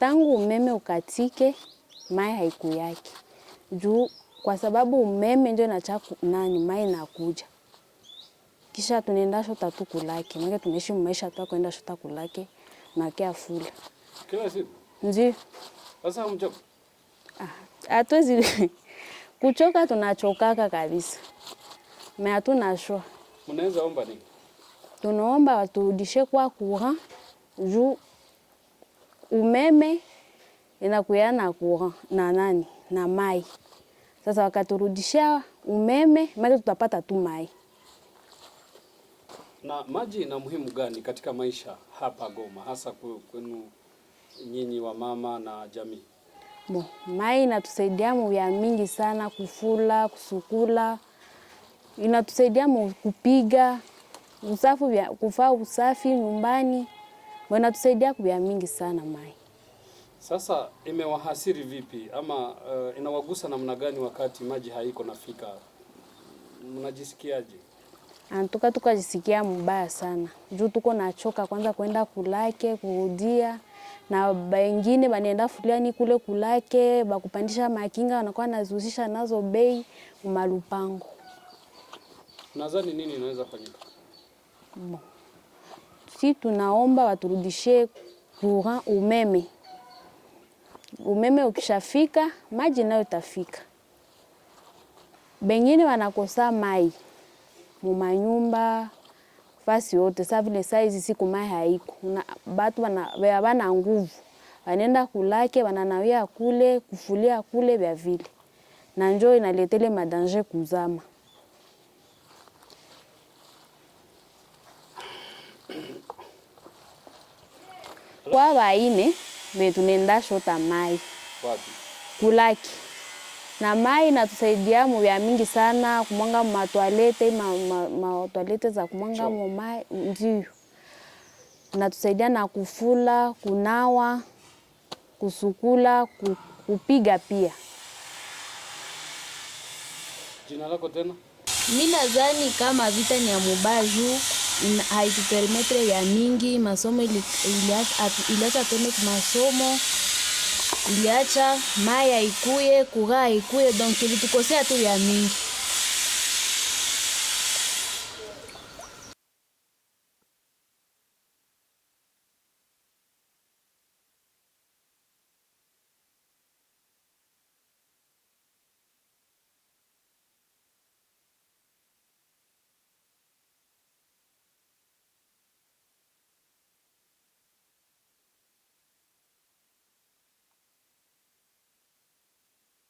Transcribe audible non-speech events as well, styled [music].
tangu umeme ukatike, mai yake juu, kwa sababu umeme ndio nachaku nani mai nakuja kisha tunaenda shota tukulake, maana tumeishi maisha tu kwenda shota kulake na kia fula kila siku ndio sasa mchoka. Ah, hatuwezi [laughs] kuchoka, tunachokaka kabisa, na hatuna shwa. Mnaweza omba nini? Tunaomba waturudishe kwa kura juu umeme inakuya na kuwa na nani na mai. Sasa wakaturudishia umeme, mali tutapata tu mai na maji. Ina muhimu gani katika maisha hapa Goma, hasa kwenu nyinyi wa mama na jamii? Bo, mai inatusaidia muya mingi sana, kufula, kusukula, inatusaidia kupiga usafi, kufaa usafi nyumbani wanatusaidia kubia mingi sana mai. Sasa imewahasiri vipi ama uh, inawagusa namna gani wakati maji haiko nafika, mnajisikiaje? Antuka ah, tukajisikia mbaya sana juu tuko nachoka kwanza kwenda kulake kuhudia na bengine banaenda fulani kule kulake bakupandisha makinga wanakuwa nazihusisha nazo bei malupango. Nadhani nini inaweza fanyika? si tunaomba waturudishie courant, umeme. Umeme ukishafika maji nayo tafika. Bengine wanakosa mai mumanyumba fasi yote, sa vile saizi siku mai haiko, batu wana nguvu wanenda kulake wananawia kule kufulia kule vya vile, na njoo inaletele madanje kuzama Kwa waine vetunenda shota mai Kulaki na mai natusaidia muvya mingi sana kumwanga matwalete matwalete ma, ma, za kumwanga mumai ndio natusaidia na kufula, kunawa, kusukula, kupiga pia. Jina lako tena? Mimi nadhani kama vita ni ya mubaju haikupermetre ya mingi masomo iliacha tuende kumasomo iliacha maya ikuye kugaa ikuye donc ilitukosea tu ya mingi